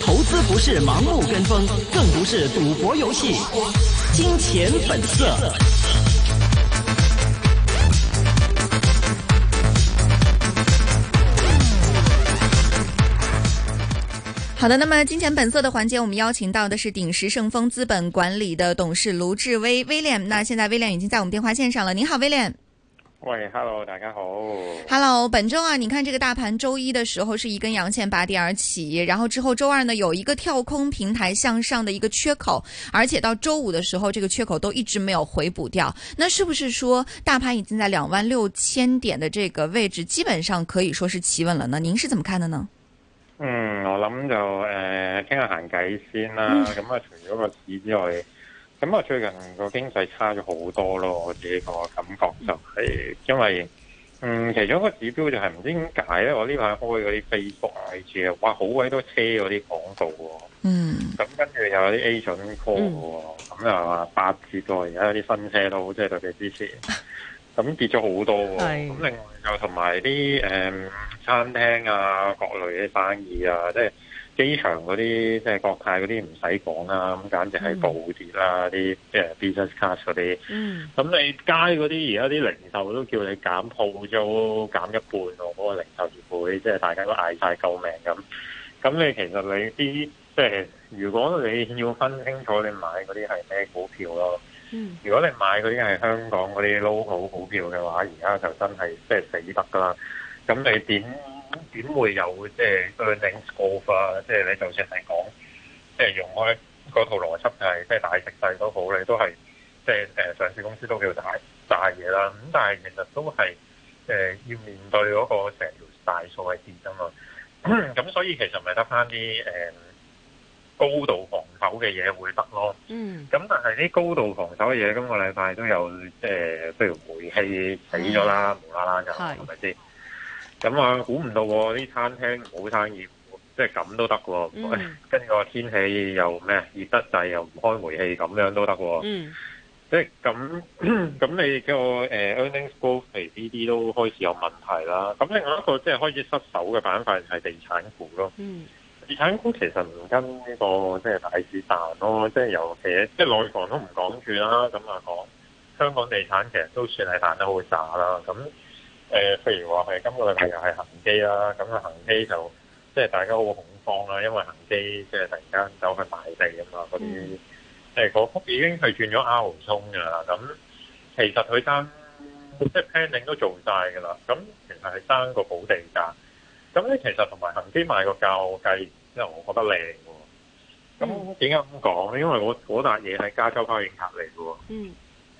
投資不是盲目跟風，更不是賭博遊戲。金錢本色。好的，那麼金錢本色的環節，我們邀請到的是鼎石盛豐資本管理的董事盧志威，威廉，那現在威廉已經在我們電話線上了。您好，威廉。喂，hello，大家好。hello，本周啊，你看這個大盤，周一的時候是一根陽線拔地而起，然後之後周二呢有一個跳空平台向上的一個缺口，而且到周五的時候，這個缺口都一直沒有回補掉。那是不是說大盤已經在兩萬六千點的這個位置，基本上可以說是企穩了呢？您是怎麼看的呢？嗯，我諗就誒、呃、傾下行偈先啦，咁啊、 嗯，除咗個市之外。咁啊，最近個經濟差咗好多咯，我自己個感覺就係，因為嗯，其中一個指標就係唔知點解咧，我呢排開嗰啲 Facebook 啊，IG 啊，哇好鬼多車嗰啲廣告喎、哦。嗯。咁跟住又有啲 Agent Call 喎，咁又話八折多，而家有啲新車都即係特別支持，咁、嗯、跌咗好多、哦。係。咁另外又同埋啲誒餐廳啊，各類嘅生意啊，即係。機場嗰啲即係國泰嗰啲唔使講啦，咁簡直係暴跌啦，啲即係 business class 嗰啲。嗯，咁、啊、你街嗰啲而家啲零售都叫你減鋪租減一半喎，嗰、嗰個零售業會即係大家都嗌晒救命咁。咁你其實你啲即係如果你要分清楚你買嗰啲係咩股票咯。嗯，如果你買嗰啲係香港嗰啲 local 股票嘅話，而家就真係即係死得噶啦。咁你點？點會有即係 underlying curve 啊，即係你就算係講，即係、呃、用開嗰套邏輯，就是，就係即係大食細都好，你都係即係誒上市公司都叫大大嘢啦。咁但係其實都係誒、呃、要面對嗰個成條大數嘅跌啊嘛。咁、嗯、所以其實咪得翻啲誒高度防守嘅嘢會得咯。嗯。咁但係啲高度防守嘅嘢，今個禮拜都有，即係譬如煤氣死咗啦，無啦啦就係咪先？咁啊，估唔到喎！啲餐廳冇生意，即係咁都得喎。跟住話天氣又咩，熱得滯又唔開煤氣，咁樣都得喎。嗯、即係咁，咁你個誒，earnings growth 呢啲都開始有問題啦。咁另外一個即係開始失手嘅板塊係地產股咯。嗯、地產股其實唔跟呢、這個即係大市彈咯，即係尤其即係內房都唔講住啦。咁啊講香港地產其實都算係彈得好渣啦。咁、嗯。嗯嗯誒，譬、呃、如話係今個禮拜又係行基啦、啊，咁啊行基就即係大家好恐慌啦、啊，因為行基即係突然間走去賣地啊嘛，嗰啲誒嗰幅已經係轉咗 out 衝噶，咁、嗯、其實佢擔即係 planning 都做晒噶啦，咁、嗯、其實係擔個保地價，咁、嗯、咧其實同埋行基賣個價我計、啊嗯，因為我覺得靚，咁點解咁講咧？因為我我笪嘢喺加州花園隔籬嘅，咁、嗯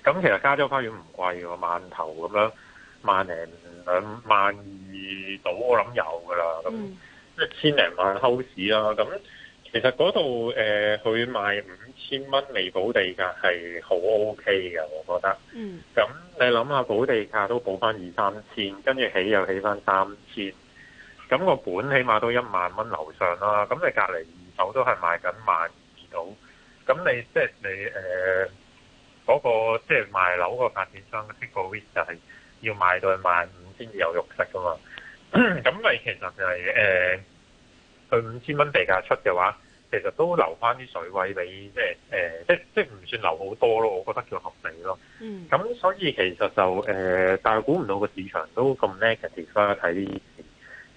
嗯、其實加州花園唔貴喎，萬頭咁樣。萬零兩萬二到，我諗有噶啦，咁一千零萬 house 啦。咁其實嗰度誒，佢賣五千蚊未補地價係好 OK 嘅，我覺得。嗯。咁你諗下，補地價都補翻二三千，跟住起又起翻三千，咁個本起碼都一萬蚊樓上啦。咁你隔籬二手都係賣緊萬二到，咁你即係你誒，嗰個即係賣樓個發展商 take profit 就係。要賣到萬五千至有肉食噶嘛？咁咪 其實係、就、誒、是，佢五千蚊地價出嘅話，其實都留翻啲水位俾即係誒，即即唔算留好多咯。我覺得叫合理咯。嗯，咁所以其實就誒、呃，但係估唔到個市場都咁 negative 叻嘅地方，睇啲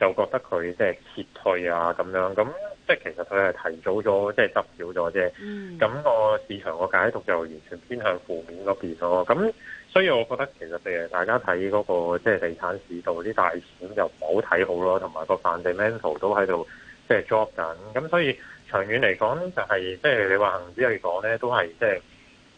就覺得佢即係撤退啊咁樣咁。即係其實佢係提早咗，即係執少咗啫。咁、嗯、個市場個解讀就完全偏向負面嗰邊咯。咁所以我覺得其實譬如大家睇嗰個即係地產市道啲大盤就唔好睇好咯。同埋個 fundamental 都喺度即係 drop 緊。咁所以長遠嚟講就係即係你話恆指嚟講咧，都係即係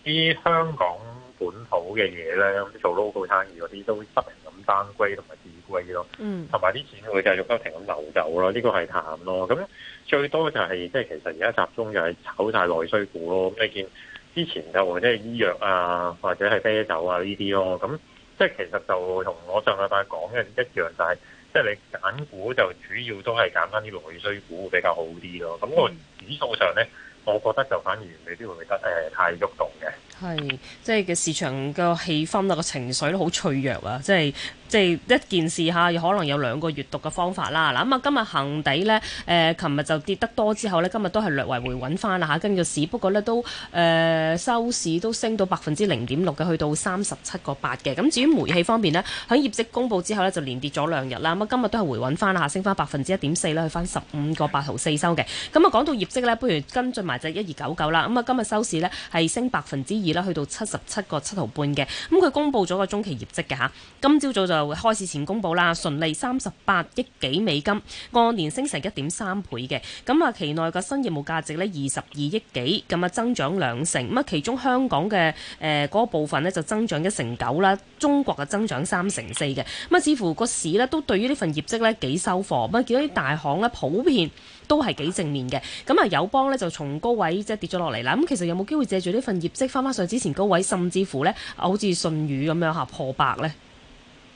啲香港本土嘅嘢咧，做 local 生意嗰啲都執。單櫃同埋電櫃咯，嗯，同埋啲錢會繼續不停咁流走咯，呢個係淡咯。咁最多就係即係其實而家集中就係炒晒內需股咯。咁你見之前就或者係醫藥啊，或者係啤酒啊呢啲咯。咁即係其實就同我上禮拜講嘅一樣，就係即係你揀股就主要都係揀翻啲內需股比較好啲咯。咁我指數上咧。我覺得就反而你啲會唔會得誒、呃、太喐動嘅？係，即係個市場個氣氛啊，個情緒都好脆弱啊，即係。即係一件事嚇，可能有兩個閲讀嘅方法啦。咁啊，今日恒地呢，誒、呃，琴日就跌得多之後呢，今日都係略為回穩翻啦嚇，跟住個市，不過呢，都、呃、誒收市都升到百分之零點六嘅，去到三十七個八嘅。咁至於煤氣方面呢，喺業績公佈之後呢，就連跌咗兩日啦。咁啊，今日都係回穩翻啦嚇，升翻百分之一點四啦，去翻十五個八毫四收嘅。咁啊，講到業績呢，不如跟進埋隻一二九九啦。咁啊，今日收市呢，係升百分之二啦，去到七十七個七毫半嘅。咁佢公佈咗個中期業績嘅嚇，今朝早就。開市前公佈啦，純利三十八億幾美金，按年升成一點三倍嘅。咁啊，期內個新業務價值呢，二十二億幾，咁啊增長兩成。咁啊，其中香港嘅誒嗰部分呢，就增長一成九啦，中國嘅增長三成四嘅。咁啊，似乎個市呢，都對於呢份業績呢幾收貨。咁啊，見到啲大行呢，普遍都係幾正面嘅。咁啊，友邦呢，就從高位即係跌咗落嚟啦。咁其實有冇機會借住呢份業績翻翻上之前高位，甚至乎呢，好似信譽咁樣嚇破百呢？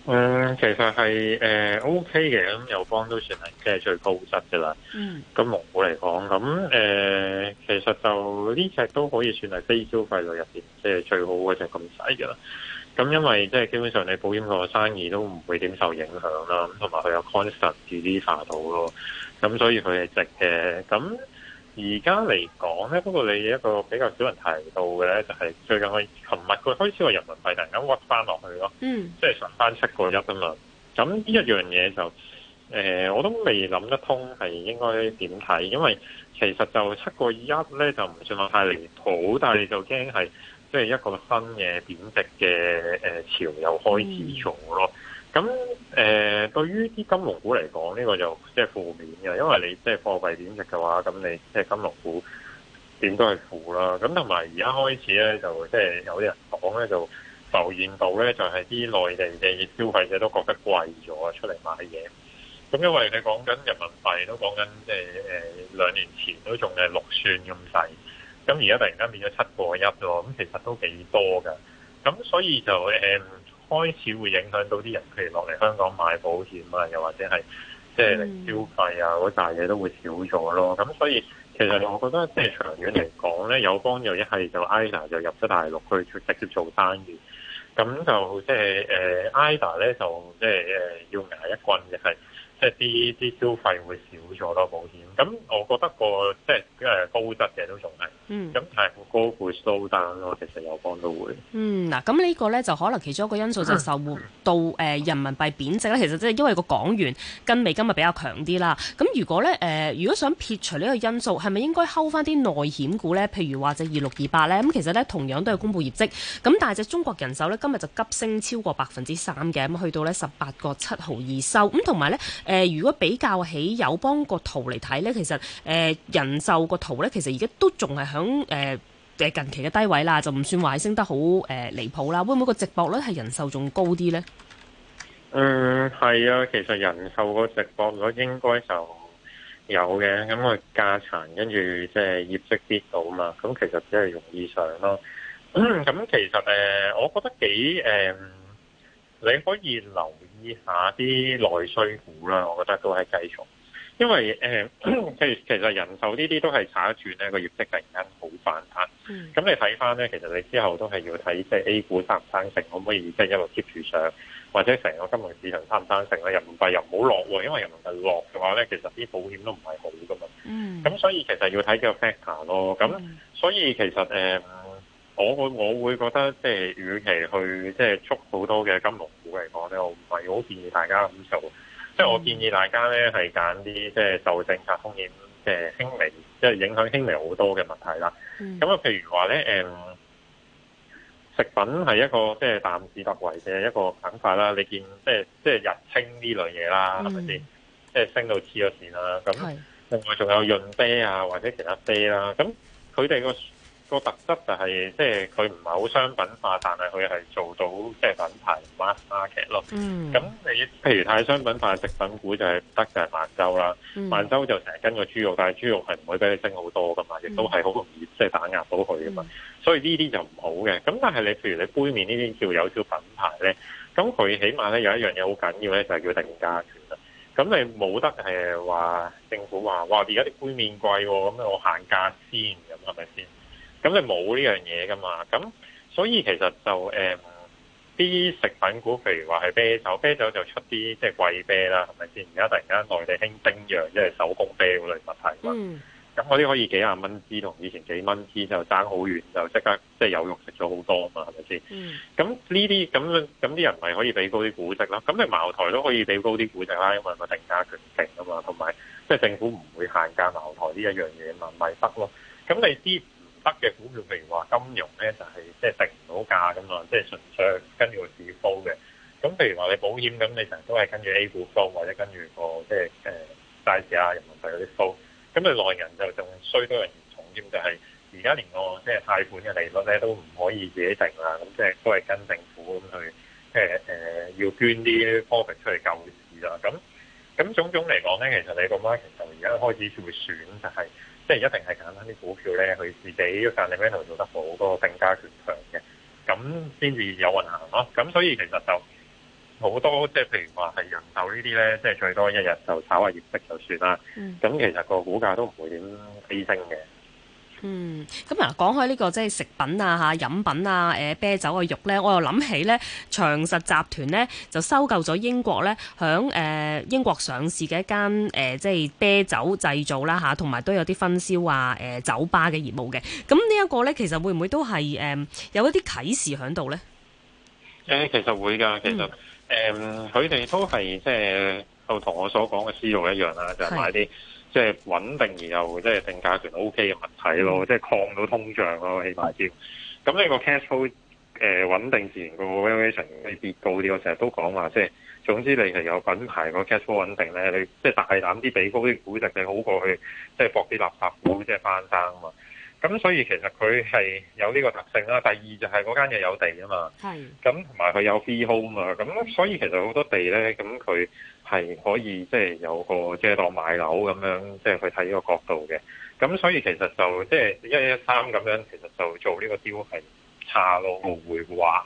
誒、嗯，其實係誒 O K 嘅，咁、呃、友、OK、邦都算係即係最高質嘅啦、mm. 嗯。嗯，咁蒙古嚟講，咁誒，其實就呢隻都可以算係非消費類入邊，即、就、係、是、最好嘅就咁細嘅啦。咁、嗯、因為即係基本上你保險個生意都唔會點受影響啦，咁同埋佢有 constant 啲化、嗯、到咯，咁所以佢係值嘅。咁、嗯而家嚟講呢，不過你一個比較少人提到嘅呢，就係、是、最近佢琴日佢開始話人民幣突然間屈翻落去咯，嗯，即係上翻七個一啊嘛。咁呢一樣嘢就誒、呃，我都未諗得通係應該點睇，因為其實就七個一呢，就唔算話太離譜，但係就驚係即係一個新嘅貶值嘅誒潮又開始咗咯。嗯。咁誒、呃，對於啲金融股嚟講，呢、這個就即係負面嘅，因為你即係貨幣貶值嘅話，咁你即係金融股點都係負啦。咁同埋而家開始咧，就即係有啲人講咧，就浮現到咧，就係啲內地嘅消費者都覺得貴咗出嚟買嘢。咁因為你講緊人民幣都講緊，即係誒兩年前都仲係六算咁細，咁而家突然間變咗七個一咯。咁其實都幾多噶。咁所以就誒。呃 開始會影響到啲人譬如落嚟香港買保險啊，又或者係即係消費啊，嗰大嘢都會少咗咯。咁所以其實我覺得即係長遠嚟講咧，有幫助一係就 IDA 就入咗大陸去直接做生意，咁就即係誒 IDA 咧就即係誒要捱一棍嘅係，即係啲啲消費會少咗咯，保險。咁我覺得、個即係高質嘅都仲係。嗯，咁係我高估收單咯，其實友邦都會。嗯，嗱，咁呢個咧就可能其中一個因素就受到誒人民幣貶值啦。嗯、其實即係因為個港元跟美金比較強啲啦。咁如果咧誒、呃、如果想撇除呢個因素，係咪應該睺返啲內險股咧？譬如話隻二六二八咧，咁其實咧同樣都係公布業績。咁但係隻中國人壽咧今日就急升超過百分之三嘅，咁去到呢十八個七毫二收。咁同埋咧誒如果比較起友邦個圖嚟睇咧，其實誒、呃、人壽個圖咧其實而家都仲係響誒誒近期嘅低位啦，就唔算話升得好誒離譜啦。會唔會個值博率係人壽仲高啲咧？嗯，係啊，其實人壽個值博率應該就有嘅。咁佢價殘跟住即係業績跌到嘛，咁其實只係容易上咯。咁、嗯嗯、其實誒、呃，我覺得幾誒、呃，你可以留意一下啲內需股啦。我覺得都係繼續。因為誒，其、呃、其實人壽呢啲都係炒一轉咧，個業績突然間好反彈。咁、嗯、你睇翻咧，其實你之後都係要睇即係 A 股生唔生性，可唔可以即係一路 keep 住上，或者成個金融市場生唔生性咧，人民幣又唔好落喎。因為人民幣落嘅話咧，其實啲保險都唔係好噶嘛。咁、嗯、所以其實要睇幾個 factor 咯。咁、嗯、所以其實誒、呃，我我我會覺得即係，與其去即係捉好多嘅金融股嚟講咧，我唔係好建議大家咁做。即係、嗯、我建議大家咧係揀啲即係受政策風險嘅輕微，即、就、係、是、影響輕微好多嘅問題啦。咁啊、嗯，譬如話咧，誒、嗯，食品係一個即係淡市特圍嘅一個板塊啦。你見即係即係日清呢類嘢啦，係咪先？即係、嗯、升到黐咗線啦。咁，另外仲有潤啤啊，或者其他啤啦、啊。咁佢哋個個特質就係、是、即係佢唔係好商品化，但係佢係做到即係品牌 marketing。咁你譬如太商品化食品股就係唔得，就係、是、萬洲啦。萬、嗯、洲就成日跟個豬肉，但係豬肉係唔會俾你升好多噶嘛，亦都係好容易即係打壓到佢噶嘛。嗯、所以呢啲就唔好嘅。咁但係你譬如你杯麵呢啲叫有少品牌咧，咁佢起碼咧有一樣嘢好緊要咧，就係、是、叫定價權啦。咁你冇得誒話政府話嘩而家啲杯麵貴喎，咁我限價先，咁係咪先？咁你冇呢樣嘢噶嘛？咁所以其實就誒啲、嗯、食品股，譬如話係啤酒，啤酒就出啲即係貴啤啦，係咪先？而家突然間內地興精釀，即係手工啤嗰類物體嘛。咁嗰啲可以幾廿蚊支，同以前幾蚊支就爭好遠，就即刻即係有肉食咗好多啊嘛？係咪先？咁呢啲咁咁啲人咪可以俾高啲估值啦。咁你茅台都可以俾高啲估值啦，因為個定價權勁啊嘛，同埋即係政府唔會限價，茅台呢一樣嘢嘛，咪得咯。咁你啲。黑嘅股票，譬如話金融咧，就係即係定唔到價咁嘛，即、就、係、是、純粹跟住市高嘅。咁譬如話你保險咁，你成日都係跟住 A 股高，或者跟住、個即係誒債市啊、人民幣嗰啲高。咁你內人就仲衰多人重，兼、那個、就係而家連個即係貸款嘅利率咧都唔可以自己定啦，咁即係都係跟政府咁去，即係誒要捐啲 profit 出去救市啊。咁咁種種嚟講咧，其實你個 market 就而家開始會選，就係。即係一定係簡單啲股票咧，佢自己嘅 t 定 c 度做得好，嗰、嗰個勝家權強嘅，咁先至有運行咯、啊。咁所以其實就好多，即係譬如話係人壽呢啲咧，即係最多一日就炒下業績就算啦。咁、嗯、其實個股價都唔會點飛升嘅。嗯，咁、嗯、啊，講開呢個即係食品啊、吓飲品啊、誒、呃、啤酒嘅肉呢，我又諗起呢長實集團呢，就收購咗英國呢，響誒、呃、英國上市嘅一間誒、呃、即係啤酒製造啦吓，同埋都有啲分銷啊誒、呃、酒吧嘅業務嘅。咁呢一個呢，其實會唔會都係誒、呃、有一啲啟示喺度呢？誒，其實會噶，嗯、其實誒，佢、呃、哋都係即係就同我所講嘅思路一樣啦，就係、是、買啲。即係穩定而又即係定價權 O K 嘅物體咯，嗯、即係抗到通脹咯起碼先。咁呢個 cash flow 誒、呃、穩定自然個 valuation 會俾高啲。我成日都講話，即係總之你係有品牌個 cash flow 穩定咧，你即係大膽啲俾高啲估值，你好過去即係博啲垃圾股，即係翻生啊嘛。咁所以其實佢係有呢個特性啦、啊。第二就係嗰間嘢有地啊嘛。係是。咁同埋佢有，有 freehold 嘛、啊。咁所以其實好多地咧，咁佢係可以即係、就是、有個即係當買樓咁樣，即係去睇呢個角度嘅。咁所以其實就即係一一三咁樣，其實就做呢個 deal 係唔差咯。我會話、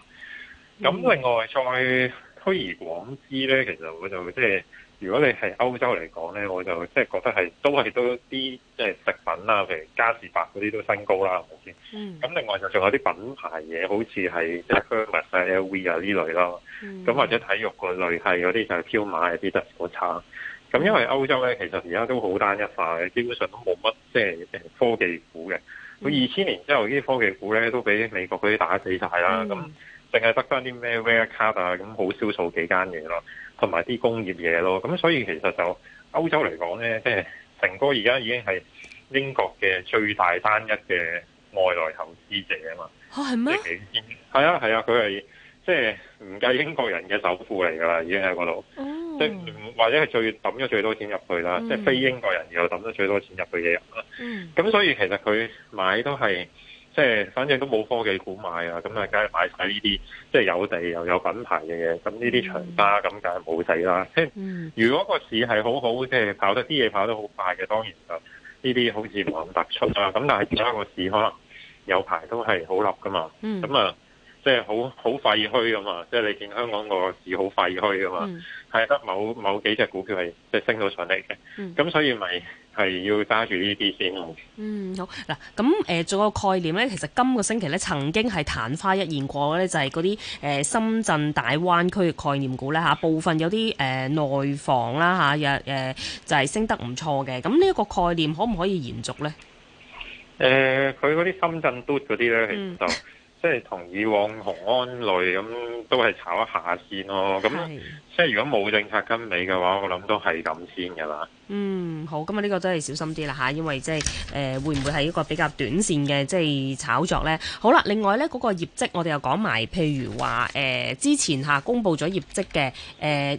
嗯。咁另外再推而廣之咧，其實我就即、是、係。如果你係歐洲嚟講咧，我就即係覺得係都係都啲即係食品啦，譬如嘉士伯嗰啲都升高啦，咁先、嗯。咁另外就仲有啲品牌嘢，好似係即係 Hermes、LV 啊呢類咯。咁、嗯、或者體育個類係嗰啲就係彪馬一啲就股差。咁因為歐洲咧，其實而家都好單一化嘅，基本上都冇乜即係科技股嘅。佢二千年之後啲科技股咧都俾美國嗰啲打死晒啦。咁淨係得翻啲咩 WeWork 啊，咁好少數幾間嘢咯。同埋啲工業嘢咯，咁所以其實就歐洲嚟講呢，即係成哥而家已經係英國嘅最大單一嘅外來投資者啊嘛，嚇係咩？係啊係啊，佢係即係唔計英國人嘅首富嚟噶啦，已經喺嗰度，嗯、即或者係最揼咗最多錢入去啦，嗯、即係非英國人又揼咗最多錢入去嘅人啦。咁、嗯、所以其實佢買都係。即係反正都冇科技股買啊，咁啊梗係買晒呢啲，即係有地又有品牌嘅嘢。咁呢啲長揸，咁梗係冇地啦。嗯、如果個市係好好，即係跑得啲嘢跑得好快嘅，當然就呢啲好似冇咁突出啦。咁但係其他個市可能有排都係好落㗎嘛。咁啊、嗯，即係好好廢墟㗎嘛。即係你見香港個市好廢墟㗎嘛，係得、嗯、某某幾隻股票係即係升到上嚟嘅。咁、嗯、所以咪。係要揸住呢啲先好。嗯，好嗱，咁誒，仲有、呃、個概念咧，其實今個星期咧，曾經係曇花一現過咧，就係嗰啲誒深圳大灣區嘅概念股咧吓、啊，部分有啲誒內房啦吓，有、啊、誒、啊呃、就係、是、升得唔錯嘅。咁呢一個概念可唔可以延續咧？誒、呃，佢嗰啲深圳 dot 嗰啲咧，就、嗯、即係同以往雄安類咁，都係炒一下先咯。咁是即係如果冇政策跟尾嘅話，我諗都係咁先噶啦。嗯，好，咁啊呢個真係小心啲啦嚇，因為即係誒會唔會係一個比較短線嘅即係炒作呢？好啦，另外呢嗰、嗰個業績我哋又講埋，譬如話誒、呃、之前嚇公布咗業績嘅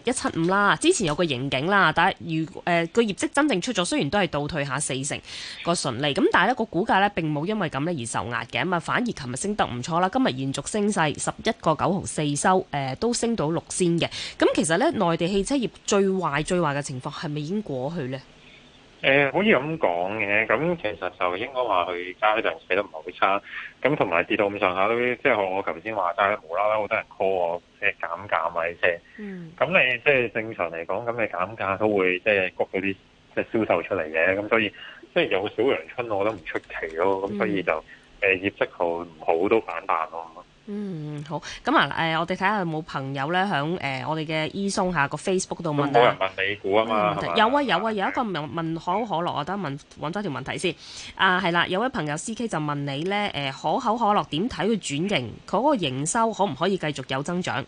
誒一七五啦，之前有個盈警啦，但係如誒個、呃、業績真正出咗，雖然都係倒退下四成個純利，咁但係呢、嗰個股價呢並冇因為咁咧而受壓嘅，咁啊反而琴日升得唔錯啦，今日連續升勢十一個九毫四收，誒、呃、都升到六仙嘅。咁其實呢內地汽車業最壞最壞嘅情況係咪已經過去？咧，誒可以咁講嘅，咁其實就應該話佢家陣寫得唔係好差，咁同埋跌到咁上下都，即係我頭先話，但係無啦啦好多人 call 我，即係減價買車嗯。咁你即係正常嚟講，咁你減價都會即係谷嗰啲即係銷售出嚟嘅，咁所以即係有小陽春，我都唔出奇咯。咁所以就誒業績好唔好都反彈咯。嗯 嗯好，咁啊，誒、呃，我哋睇下有冇朋友咧，喺誒我哋嘅 e-zone 下個 Facebook 度問啊，都係百股啊嘛，嗯，有啊，有啊、嗯、有、啊有啊，有一個問、問可口可樂，我等問搵咗條問題先，啊係啦、啊，有位朋友 C K 就問你咧，誒、呃、可口可樂點睇佢轉型，佢嗰個營收可唔可以繼續有增長？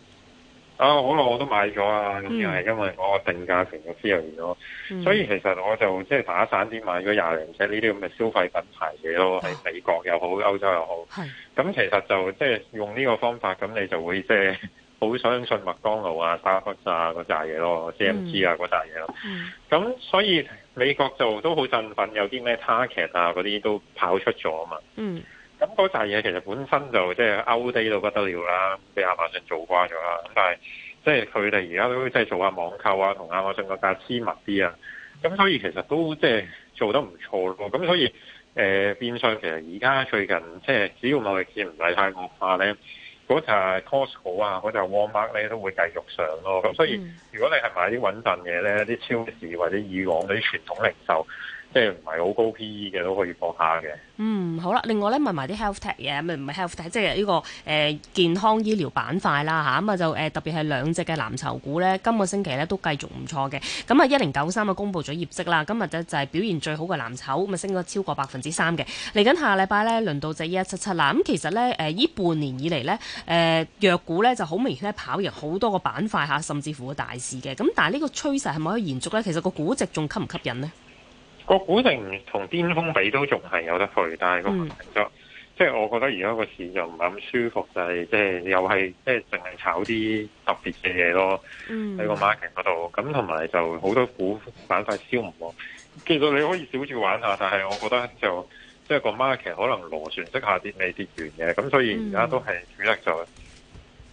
啊，好耐我都買咗啊，咁又係因為我個定價權嘅持有人咯，嗯、所以其實我就即係、就是、打散啲買咗廿零隻呢啲咁嘅消費品牌嘢咯，喺、嗯、美國又好，歐洲又好。係是。咁其實就即係、就是、用呢個方法，咁你就會即係好相信麥當勞啊、沙發啊嗰扎嘢咯，C M G 啊嗰扎嘢咯。啊、嗯。咁、嗯、所以美國就都好振奮，有啲咩 target 啊嗰啲都跑出咗啊嘛。嗯。咁嗰扎嘢其實本身就即係 outdate 到不得了啦，俾亞馬遜做瓜咗啦。但係即係佢哋而家都即係做下網購啊，同亞馬遜個價私密啲啊。咁所以其實都即係做得唔錯咯。咁所以誒、呃、變相其實而家最近即係、就是、只要貿易戰唔係太惡化咧，嗰扎 Costco 啊，嗰扎 Walmart 咧都會繼續上咯。咁所以如果你係買啲穩陣嘢咧，啲超市或者以往嗰啲傳統零售。即係唔係好高 P/E 嘅都可以博下嘅。嗯，好啦。另外咧，問埋啲 health tech 嘢，唔係 health tech，即係呢、這個誒、呃、健康醫療板塊啦吓。咁啊就誒、呃、特別係兩隻嘅藍籌股咧，今個星期咧都繼續唔錯嘅。咁啊，一零九三啊，公布咗業績啦。今日就係、是、表現最好嘅藍籌，咪升咗超過百分之三嘅。嚟緊下個禮拜咧，輪到隻一一七七啦。咁其實咧，誒、呃、呢半年以嚟咧，誒、呃、藥股咧就好明顯跑贏好多個板塊吓，甚至乎個大市嘅。咁但係呢個趨勢係咪可以延續咧？其實個估值仲吸唔吸引呢？個股定同巔峰比都仲係有得去，但係個問題就即係我覺得而家個市就唔咁舒服，就係即係又係即係淨係炒啲特別嘅嘢咯。嗯，喺個 market 嗰度，咁同埋就好多股板塊燒唔落。其實你可以少住玩下，但係我覺得就即係、就是，個 market 可能螺旋式下跌未跌完嘅，咁所以而家都係主力就。嗯嗯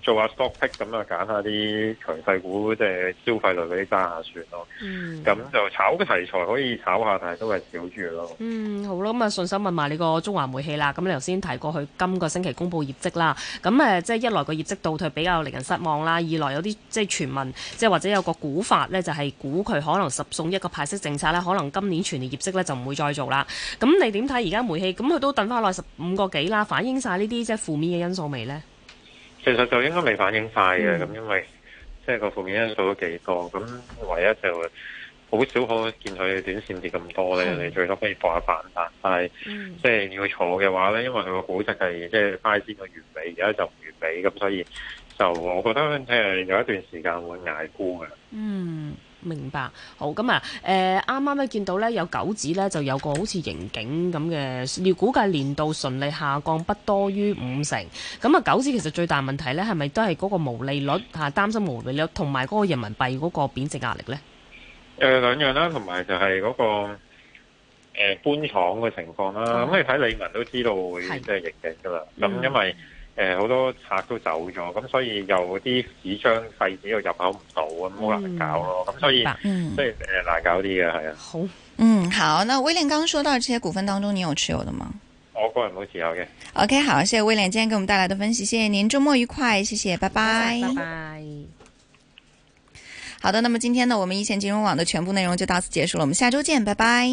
做下 stock pick 咁啊，揀下啲強勢股，即係消費類嗰啲加下算咯。咁、嗯、就炒嘅題材可以炒下，但係都係少住咯。嗯，好啦，咁啊順手問埋你個中華煤氣啦。咁你頭先提過佢今個星期公布業績啦。咁誒、呃，即係一來個業績倒退比較令人失望啦。二來有啲即係傳聞，即係或者有個估法咧，就係、是、估佢可能十送一個派息政策咧，可能今年全年業績咧就唔會再做啦。咁你點睇而家煤氣？咁佢都等翻落十五個幾啦，反映晒呢啲即係負面嘅因素未呢？其實就應該未反應快嘅，咁、嗯、因為即係個負面因素都幾多，咁唯一就好少可見佢短線跌咁多咧。你、嗯、最多可以博下反彈，但係即係要坐嘅話咧，因為佢個估值係即係快啲就完美，而家就唔完美，咁所以就我覺得誒、就是、有一段時間會捱沽嘅。嗯。明白，好咁啊！誒，啱啱咧，見到咧，有九指咧，就有個好似盈警咁嘅，要估計年度純利下降不多於五成。咁啊，九指其實最大問題咧，係咪都係嗰個毛利率嚇、啊、擔心毛利率，同埋嗰個人民幣嗰個貶值壓力咧？誒，兩樣啦，同埋就係嗰、嗰個官、呃、搬廠嘅情況啦。咁可以睇理文都知道會即係盈警噶啦。咁的因為、mm hmm. 誒，好多賊都走咗，咁所以有啲紙張廢紙又入口唔到，咁好難搞咯。咁所以即係誒難搞啲嘅係啊。好，嗯好。那威廉剛剛說到這些股份當中，你有持有的嗎？我個人冇持有嘅。OK，好，謝謝威廉今天給我們帶來的分析，謝謝您，周末愉快，謝謝，拜拜。拜拜。好的，那麼今天呢，我們一線金融網的全部內容就到此結束了，我們下周見，拜拜。